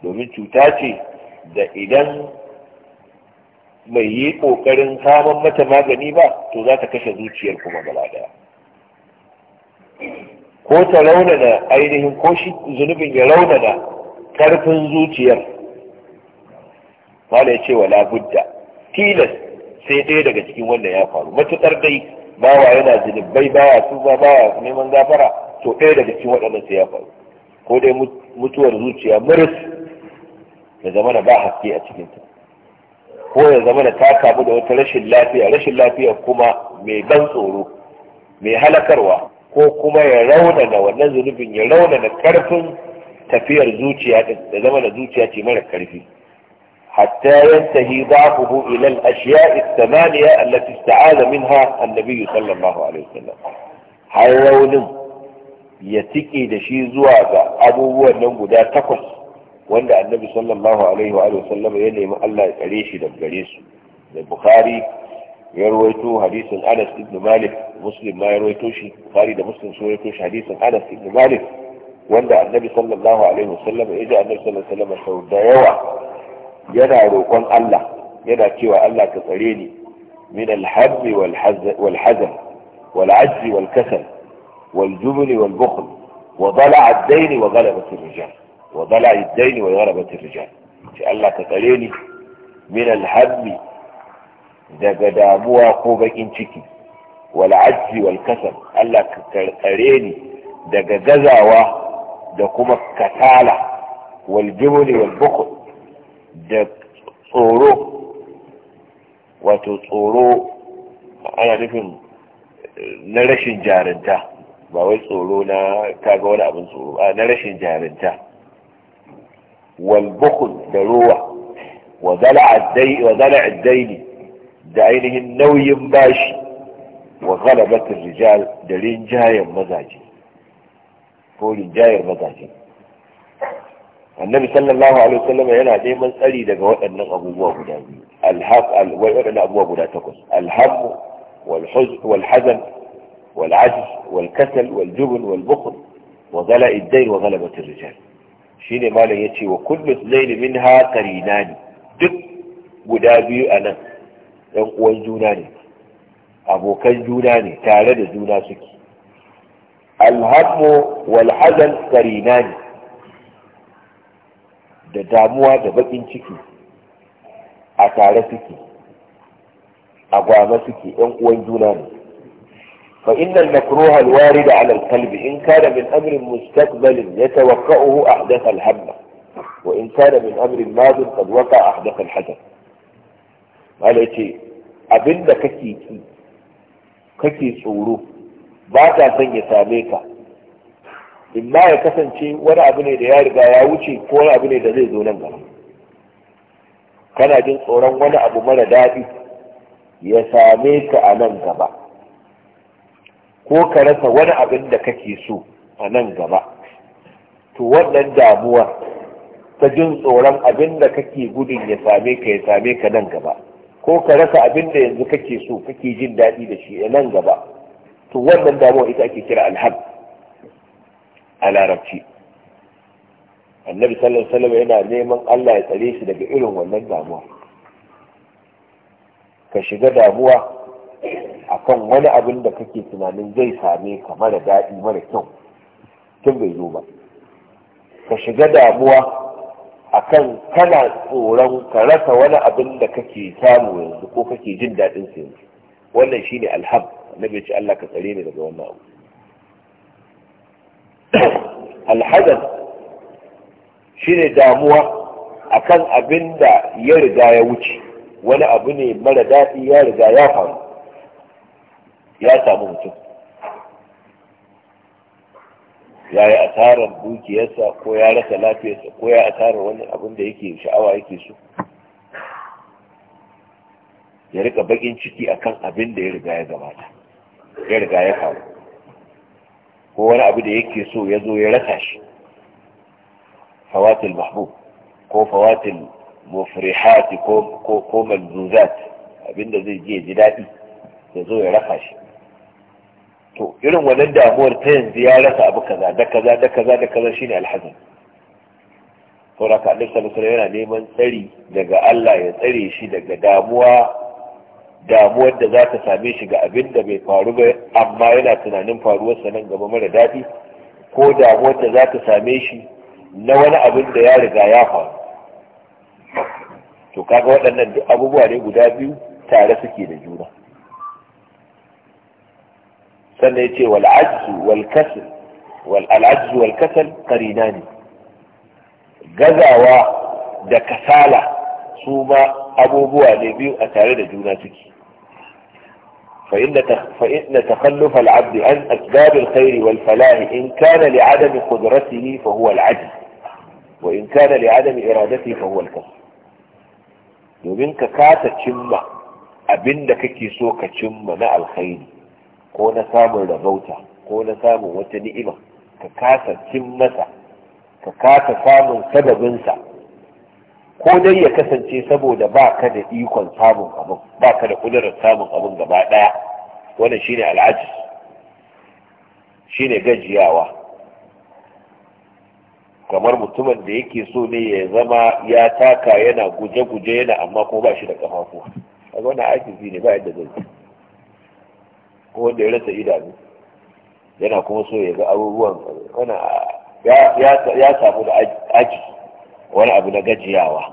domin cuta ce da idan mai yi ƙoƙarin samun mata magani ba to za ta kashe zuciyar kuma gaba daya ko ta raunana ainihin ko shi zunubin ya raunana karfin zuciyar mala ya ce wala labudda tilas sai ɗaya daga cikin wanda ya faru matuƙar dai bawa yana zunubai baya tuba baya neman gafara to ɗaya daga cikin waɗannan sai ya faru ko dai mutuwar zuciya maris ya zama da ba haske a cikinta ko ya zama da ta kamu da wata rashin lafiya rashin lafiya kuma mai ban tsoro mai halakarwa ko kuma ya raunana wannan zunubin ya raunana karfin tafiyar zuciya da zama da zuciya ce mara karfi حتى ينتهي ضعفه إلى الأشياء الثمانية التي استعاذ منها النبي صلى الله عليه وسلم حرون يتكي دشي زواغا أبوه أنه دا تقص وأن النبي صلى الله عليه وآله وسلم ينعم الله يتعليش دبقريس البخاري يرويتو حديث أنس بن مالك مسلم ما يرويتوش البخاري ده مسلم شو يرويتوش حديث أنس بن مالك وأن النبي صلى الله عليه وسلم إذا النبي صلى الله عليه وسلم شهد يوعى yana roƙon Allah yana cewa Allah ka tsare ni min alhammi wal hazan wal ajzi wal kasal wal jubni wal bukhl wa dala ad-dayn wa ghalabat ar-rijal wa dala ad-dayn wa ghalabat ar-rijal ce Allah ka tsare ni min alhammi daga damuwa ko bakin ciki wal ajzi wal kasal Allah ka tsare ni daga gazawa da kuma katala wal jubni wal bukhl da tsoro wato tsoro ana nufin eh, na rashin jarinta ba wai tsoro na kaga wani abin tsoro ba na rashin jarinta walbukun da ruwa wa zala addaini da ainihin nauyin bashi wa galabatin rijal da rinjayen mazaje ko rinjayen mazaje النبي صلى الله عليه وسلم هنا دي من سألي دقاء أن أبوه أبوه الحق وإعلى أبوه أبوه تقص الحق والحزن والحزن والعجز والكسل والجبن والبخل وغلاء الدين وغلبة الرجال شين ما لا يتي وكل اثنين منها قريناني دق ودابي أنا ينقوى الجوناني أبو كان جوناني تعالد الهم والحزن قريناني da damuwa da bakin ciki a tare suke a gwama suke yan uwan juna ne fa inna innal makruha alwarida ala al alqalb in kana min amrin mustaqbalin yatawaqqa'uhu ahdath al-habba wa in kana min amrin madin qad waqa'a ahdath alhadath mala yace abinda kake ki kake tsoro ba ta son ya same ka imma ya kasance wani abu ne da ya riga ya wuce ko wani abu ne da zai zo nan gaba kana jin tsoron wani abu mara daɗi ya same ka a nan gaba ko ka rasa wani abin da kake so a nan gaba to wannan damuwa ta jin tsoron abin da kake gudun ya same ka ya same ka nan gaba ko ka rasa abin da yanzu kake so kake jin daɗi da shi a nan gaba to wannan damuwa ita ake kira alhamdulillah a larabci annabi sallallahu alaihi yana neman Allah ya tsare shi daga irin wannan damuwa ka shiga damuwa akan wani abin da kake tunanin zai same ka mara daɗi mara kyau tun bai zo ba ka shiga damuwa akan kana tsoron ka rasa wani abin da kake samu yanzu ko kake jin daɗin sa yanzu wannan shine alham annabi ya ce Allah ka tsare ni daga wannan abu alhazan ne damuwa akan abin da ya riga ya wuce wani abu ne mara daɗi ya riga ya faru ya samu mutum ya yi asarar dukiyarsa ko ya rasa lafiyarsa ko ya asarar wani abin da yake sha'awa yake so ya rika bakin ciki akan abin da ya riga ya gabata ya riga ya faru ko wani abu da yake so ya zo ya rasa shi fawatil mahbub ko fawatil mufrihati ko ko malzuzat abinda zai je ji daɗi ya zo ya rasa shi to irin wannan damuwar ta yanzu ya rasa abu kaza da kaza da kaza da kaza shine alhazan saboda ka Allah sallallahu alaihi yana neman tsari daga Allah ya tsare shi daga damuwa damuwar da za ta same shi ga abin da bai faru ba amma yana tunanin faruwarsa nan gaba mara daɗi ko damuwar da za ta same shi na wani abin da ya riga ya faru to kaga waɗannan duk abubuwa ne guda biyu tare suke da juna sannan ya ce wal'ajzu wal kasal karina ne gazawa da kasala su ma abubuwa ne biyu a tare da juna suke فإن تخلف العبد عن أسباب الخير والفلاح إن كان لعدم قدرته فهو العجز وإن كان لعدم إرادته فهو الكسل domin ka kasa cimma abinda kake so ka cimma na alkhairi ko na samun rabauta ko na samun wata ni'ima ka kasa cimmasa ka kasa samun sababinsa ko dai ya kasance saboda ba ka da ikon samun abin ba ka da kudurar samun abin gaba ɗaya wannan shine al'ajis shine gajiyawa kamar mutumin da yake so ne ya zama ya taka yana guje-guje yana amma kuma ba shi da kafafu a wannan ajizi ne ba yadda zai ko wanda ya rasa idanu yana kuma so ya ga abubuwan ya samu da aji wani abu na gajiyawa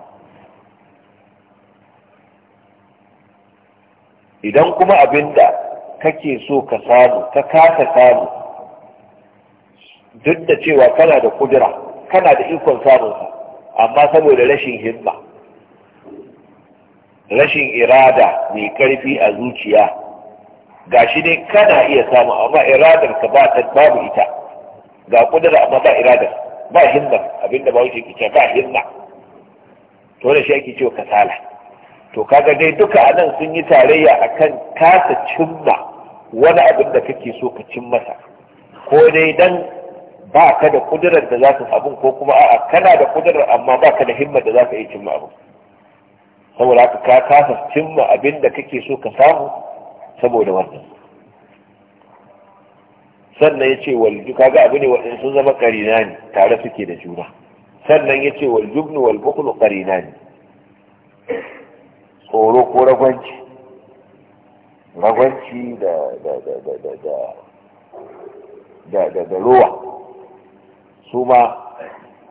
idan kuma abin da kake so ka samu ka kasa samu duk da cewa kana da kudura kana da ikon samunsa amma saboda rashin himma rashin irada mai karfi a zuciya ga shi ne kana iya samu amma iradar ka ba ta babu ita ga kudura amma ba iradar ba himma abinda ba wuce ke ba himma to da shi ake cewa kasala to kaga dai duka anan sun yi tarayya akan kasa cimma wani abin da kake so ka cin masa ko dai dan ba ka da kudirar da za ka abin ko kuma a'a kana da kudirar amma ba ka da himma da za ka yi cimma abin saboda ka kasa cimma abin da kake so ka samu saboda wannan sannan ya ce walju kaga abu ne waɗanda sun zama karina ne tare suke da juna sannan ya ce walju jubnu wal bukulu karina ne tsoro ko ragwanci ragwanci da da da da da da da da rowa su ma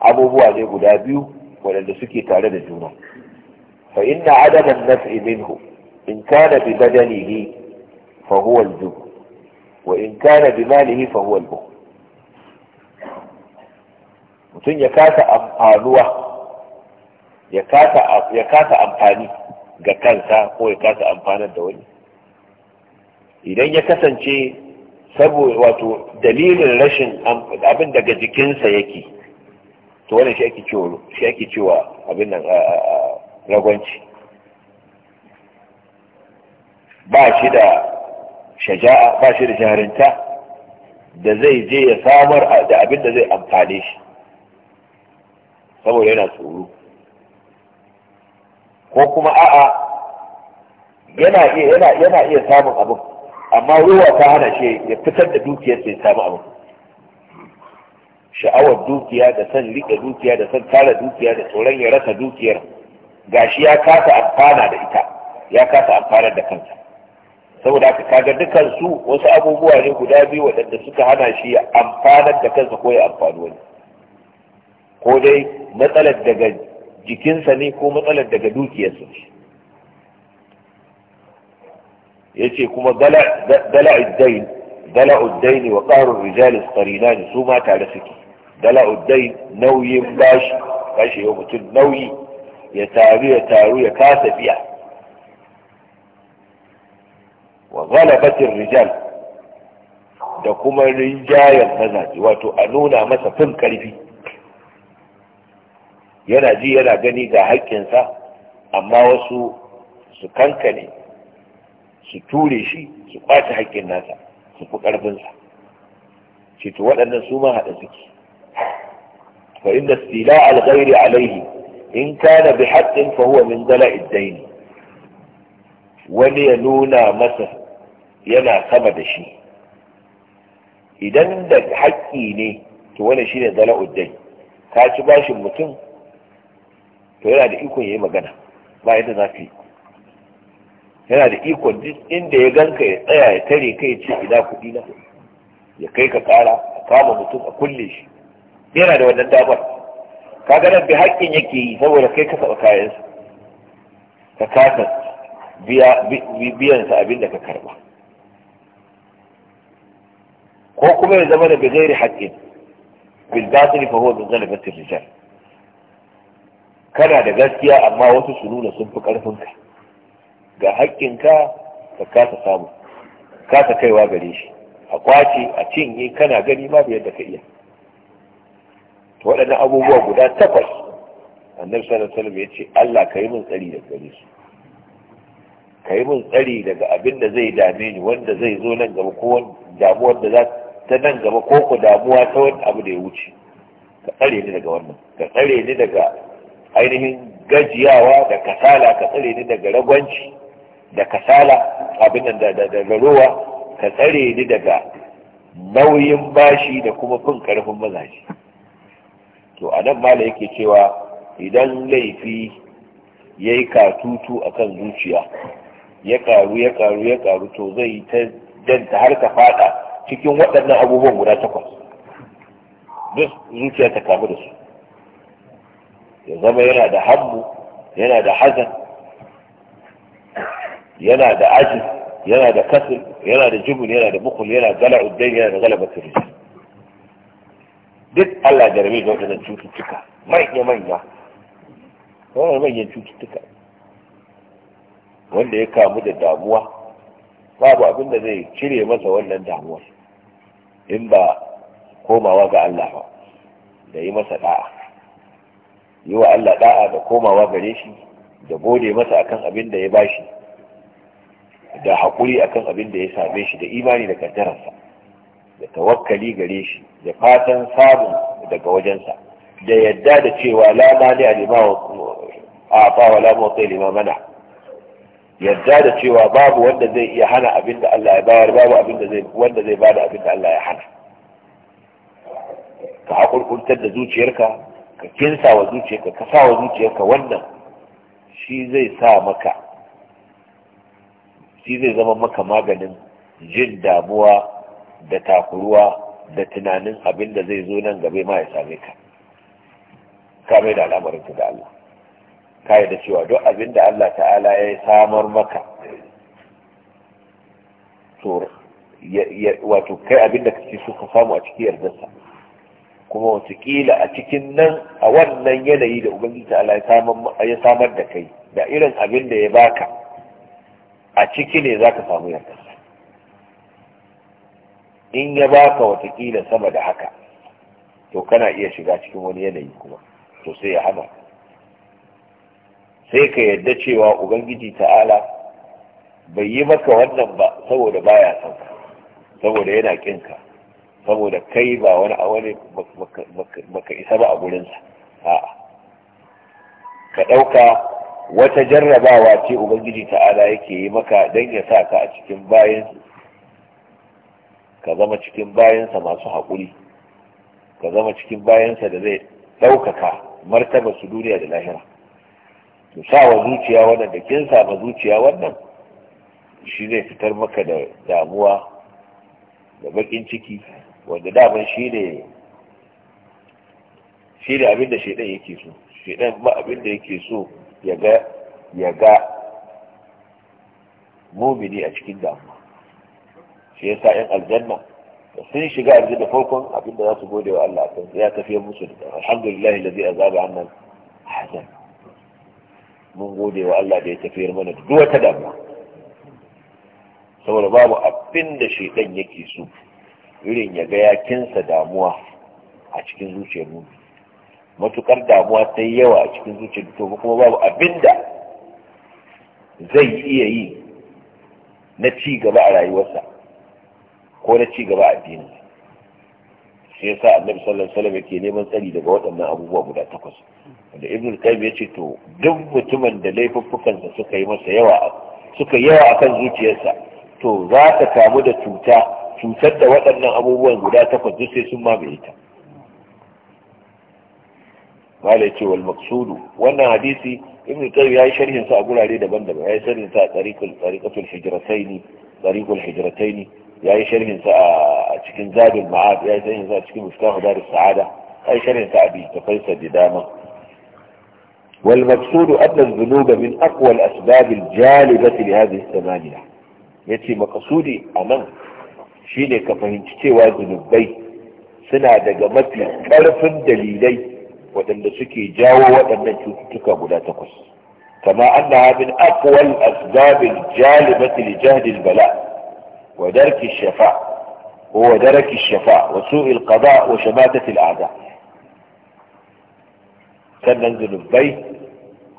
abubuwa ne guda biyu waɗanda suke tare da juna fa inna adaman naf'i minhu in kana bi badanihi fa huwa al-jubn wa in kana bi malihi fa huwa al mutum ya kasa amfanuwa ya kasa ya kasa amfani ga kansa ko ya kasa amfanar da wani idan ya kasance saboda wato dalilin rashin abin daga jikinsa yake to wannan shi ake cewa shi ake cewa abin nan ragwanci ba shi da shaja'a ba shi da jarinta da zai je ya samar da abin da zai amfane shi saboda yana tsoro ko kuma a'a yana iya yana yana iya samun abin amma ruwa ta hana shi ya fitar da dukiyar sai samu abin sha'awar dukiya da san rike dukiya da san tara dukiya da tsoron ya rasa dukiyar gashi ya kasa amfana da ita ya kasa amfanar da kansa saboda haka kaga dukan su wasu abubuwa ne guda biyu waɗanda suka hana shi ya amfanar da kansa ko ya amfani wani ko dai matsalar daga jikinsa ne ko matsalar daga dukiyarsa ce yace kuma dala'uddain ne wa Rijalis ƙarina ne su ma tare suke dala'uddain nauyin bashi bashi yau mutum nauyi ya taru ya taru ya kasa biya wa ghalabatir rijal da kuma rinjayen mazaje wato a nuna masa fin karfi yana ji yana gani ga haƙƙinsa amma wasu su kankane su ture shi su kwace haƙƙin nasa su fi ƙarfinsa ceto waɗannan su ma haɗa suke fa inda stila alghairi alaihi in kana bi haqqin fa huwa min dala'i daini wani ya nuna masa yana sama da shi idan da haƙƙi ne to wani shi ne zala uddai ka ci bashin mutum to yana da ikon ya yi magana ba yadda za ka yi yana da ikon duk inda ya ganka ya tsaya ya tare kai ce ina kuɗi na ya kai ka ƙara a kama mutum a kulle shi yana da wannan damar ka ga nan bi haƙƙin yake yi saboda kai ka saba kayansa ka kasa biyan sa abin da ka karɓa. ko kuma ya zama da gairi haƙƙin bil batil fa huwa min zalafati rijal kana da gaskiya amma wasu su nuna sun fi karfin ka ga haƙƙin ka ka kasa samu kasa kaiwa gare shi a kwace a cinye kana gani ma yadda ka iya to waɗannan abubuwa guda takwas annabi sallallahu alaihi ya ce Allah ka yi min tsari da gare su ka yi min tsari daga abin da zai dame ni wanda zai zo nan gaba ko damuwar da za ta nan gaba ko ku damuwa ta wani abu da ya wuce ka tsare ni daga wannan ka tsare ni daga ainihin gajiyawa da kasala ka tsare ni daga ragwanci da kasala abin nan da da rowa ka tsare ni daga nauyin bashi da kuma fin karfin mazaji to a nan mala yake cewa idan laifi ya yi katutu akan zuciya ya karu ya karu ya karu to zai ta danta har ka fada cikin waɗannan abubuwan guda takwas duk zuciya ta kamu da su ya zama yana da hannu yana da hazan yana da ajin yana da kasir yana da jibin yana da bukul yana da gala uddai yana da gala turisi duk Allah da rabe da waɗannan cututtuka manya manya wannan manyan cututtuka wanda ya kamu da damuwa babu abin da zai cire masa wannan damuwar in ba komawa ga Allah ba da yi masa da'a yi wa Allah da'a da komawa gare shi da gode masa akan abin da ya bashi da haƙuri akan abin da ya same shi da imani da kaddararsa da tawakkali gare shi da fatan samun daga wajensa da yadda da cewa la ne a lima a fa wa la mawta lima mana yadda da cewa babu wanda zai iya hana abin da Allah ya bayar babu abin da zai wanda zai bada abin da Allah ya hana ka hakurkurtar da zuciyarka ka kinsa wa zuciyarka ka sa wa zuciyarka wannan shi zai sa maka shi zai zama maka maganin jin damuwa da takuruwa da tunanin abin da zai zo nan gabe ma ya same ka ka mai da al'amarin da Allah ka da cewa duk abin da Allah ta'ala ya samar maka to wato kai abin da kake so ka samu a cikin yardarsa kuma watakila a cikin nan a wannan yanayi da ubangiji Allah ya samar da kai da irin abin da ya baka a ciki ne za ka samu yardarsa in ya baka watakila sama da haka to kana iya shiga cikin wani yanayi kuma to sai ya hana sai ka yadda cewa ubangiji ta'ala bai yi maka wannan ba saboda baya son ka saboda yana kin ka saboda kai ba wani a wani baka isa ba a gurinsa a'a ka ɗauka wata jarrabawa ce ubangiji ta'ala yake yi maka don ya sa ka a cikin bayan ka zama cikin bayansa masu haƙuri ka zama cikin bayansa da zai ɗaukaka martaba su duniya da lahira to sa wa zuciya wannan da kin sa ba zuciya wannan shi zai fitar maka da damuwa da bakin ciki wanda daman shi ne shi ne abin da shaidan yake so shaidan ma abin da yake so ya ga ya ga mumini a cikin damuwa shi yasa yan aljanna da sun shiga da farkon abin da za su gode wa Allah kan ya tafiyar musu da alhamdulillah allazi azaba annan hazan mun gode wa Allah da ya tafiyar mana duk wata damuwa saboda babu abin da shaidan yake so irin ya ga yakinsa damuwa a cikin zuciyar mu matukar damuwa ta yawa a cikin zuciyar to kuma babu abin da zai iya yi na ci gaba a rayuwarsa ko na ci gaba a addininsa shi yasa annabi sallallahu alaihi wasallam yake neman tsari daga waɗannan abubuwa guda takwas wanda ibn qayyim yace to duk mutumin da laifuffukan sa suka yi masa yawa suka yawa akan zuciyarsa to za ka kamu da cuta cutar da waɗannan abubuwan guda takwas duk sai sun mamaye ta malai ce wal maqsudu wannan hadisi ibn qayyim yi sharhin sa a gurare daban-daban yayi sharhin sa a tariqul tariqatul tariqul ya yi sharhin sa a cikin zadul ma'ad ya yi sharhin sa a cikin muftahu dar sa'ada ya yi sharhin sa a bi tafaisa da dama wal maqsudu anna dhunuba min aqwa al asbab al jalibati li hadhihi thamaniya yace maqsudi anan shine ka fahimci cewa zunubai suna daga mafi karfin dalilai waɗanda suke jawo waɗannan cututtuka guda takwas kama annaha min aqwa al asbab al jalibati li jahdi al bala' ودرك الشفاء هو درك الشفاء وسوء القضاء وشماتة الأعداء كان ننزل في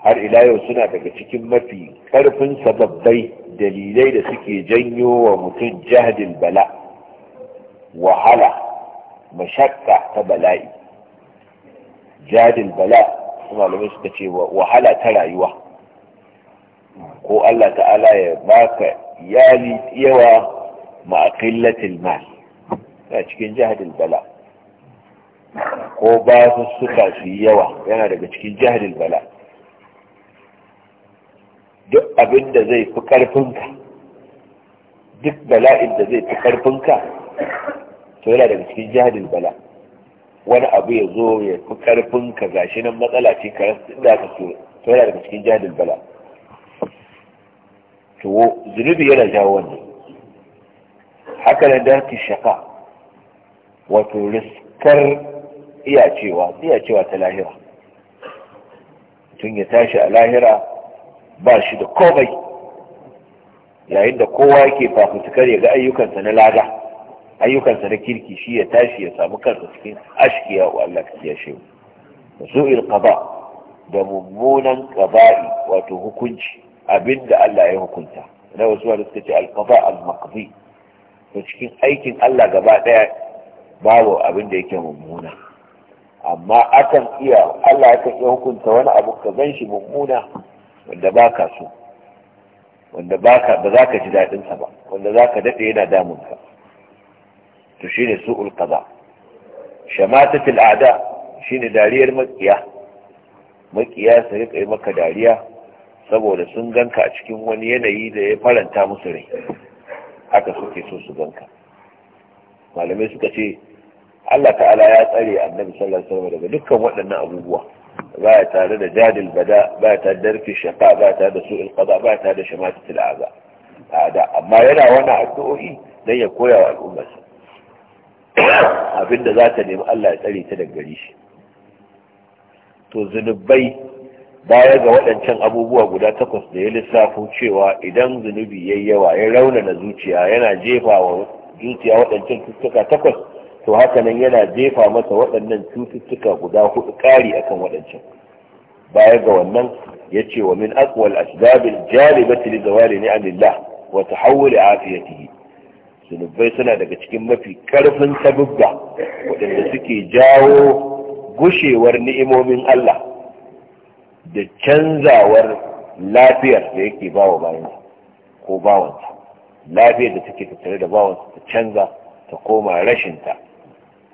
هر إلهي وسنع بكتك ما في قرف سبب بي دليلي لسكي جنيو ومتج جهد البلاء وحلا مشكع تبلائي جهد البلاء ثم لم يسكتي وحلا ترى يوه قو الله تعالى باك يالي يوه ma qillatil mal a cikin jahadil bala ko ba su suka su yawa yana daga cikin jahadil bala duk abin da zai fi karfinka duk bala'in da zai fi ƙarfinka, to yana daga cikin jahadil bala wani abu ya zo ya fi karfinka gashi nan matsala ce ka da ka so to yana daga cikin jahadil bala to zunubi yana jawo wannan haka da darki shaka wato riskar iyacewa iyacewa ta lahira tun ya tashi a lahira ba shi da komai yayin da kowa yake fafutukar ya ga ayyukansa na lada ayyukansa na kirki shi ya tashi ya samu kansa cikin ashkiya wa Allah ya shi su'il qada da mummunan kaba'i wato hukunci abinda Allah ya hukunta na wasu wanda suka ce al qada al to cikin aikin Allah gaba ɗaya babu abin da yake mummuna amma akan iya Allah ya iya hukunta wani abu ka gan shi mummuna wanda baka so wanda baka ba za ka ji daɗinsa ba wanda za ka daɗe yana damunka to shine su'ul qada fil a'da shine dariyar makiya makiya su rika yi maka dariya saboda sun ganka a cikin wani yanayi da ya faranta musu rai haka suke so su ganka malamai suka ce Allah ta'ala ya tsare annabi sallallahu alaihi wasallam daga dukkan waɗannan abubuwa ya tare da jadil bada ya tare da darfi ba ya tare da su'il qada ya tare da shamatatul aza da amma yana wani addu'o'i dan ya koya wa al'ummarsa abinda za ta nemi Allah ya tsare ta daga gare shi to zunubai baya ga waɗancan abubuwa guda takwas da ya lissafo cewa idan zunubi ya yawa ya rauna na zuciya yana jefa wa zuciya waɗancan cututtuka takwas to hakanan yana jefa masa waɗannan cututtuka guda hudu ƙari akan waɗancan baya ga wannan ya ce wa min aqwal asbabil jalibati li zawali ni'amillah wa tahawul afiyatihi zunubai suna daga cikin mafi karfin sabubba waɗanda suke jawo gushewar ni'imomin Allah da canzawar lafiyar da yake bawa bayansa ko bawansa lafiyar da take tattare da bawansa ta canza ta koma rashinta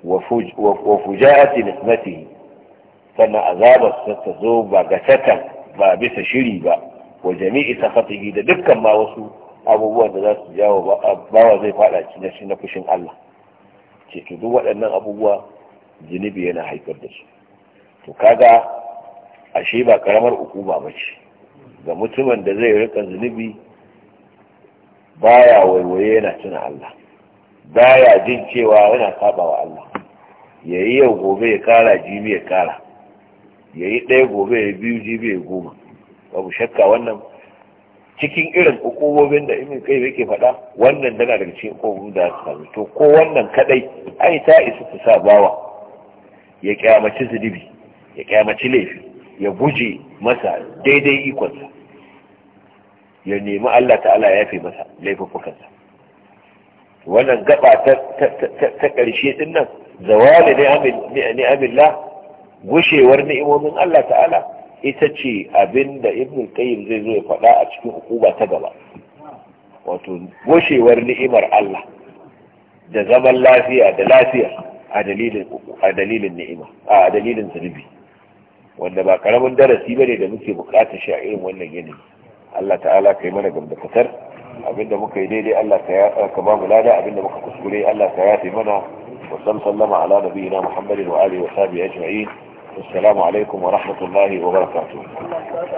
wa fuja'ati nismatihi sannan azabar ta zo ba gasatan ba bisa shiri ba wa jami'i sakatihi da dukkan ma wasu abubuwan da za su jawo bawa zai fada cikin na fushin Allah ce duk waɗannan abubuwa zunubi yana haifar da su to kaga ashe ba karamar hukuma ba ce ga mutumin da zai rika zunubi baya waiwaye yana tuna Allah baya jin cewa yana saba wa Allah yayi yau gobe ya kara jibi ya kara yayi ɗaya gobe ya biyu jibi ya goma babu shakka wannan cikin irin hukumomin da imin kai yake faɗa wannan tana daga cikin hukumomin da su samu to ko wannan kadai ai ta isa ta sa bawa ya kyamaci zunubi ya kyamaci laifi ya guje masa daidai ikonsa ya nemi Allah ta'ala ya yafe masa laifuffukansa wannan gaba ta ƙarshe din nan zawali ne amillah gushewar ni'imomin Allah ta'ala ita ce abinda ibn qayyim zai zo ya faɗa a cikin hukuma ta gaba wato gushewar ni'imar Allah da zaman lafiya da lafiya a dalilin a dalilin ni'ima a dalilin zunubi wanda ba karamin darasi ba ne da muke bukatar shi a irin wannan yanayi Allah ta'ala ka yi mana gamdakatar abinda muka yi daidai Allah ka ba mu lada abinda muka kuskure Allah ka yafe mana wa sallama ala nabiyina Muhammadin wa alihi wa sahbihi ajma'in assalamu alaikum wa rahmatullahi wa barakatuh